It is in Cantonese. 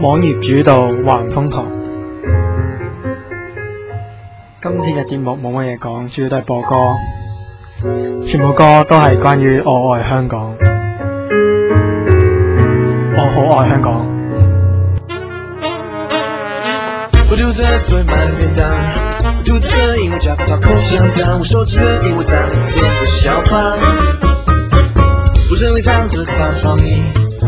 網頁主導橫風堂，今天嘅節目冇乜嘢講，主要都係播歌，全部歌都係關於我愛香港，我好愛香港。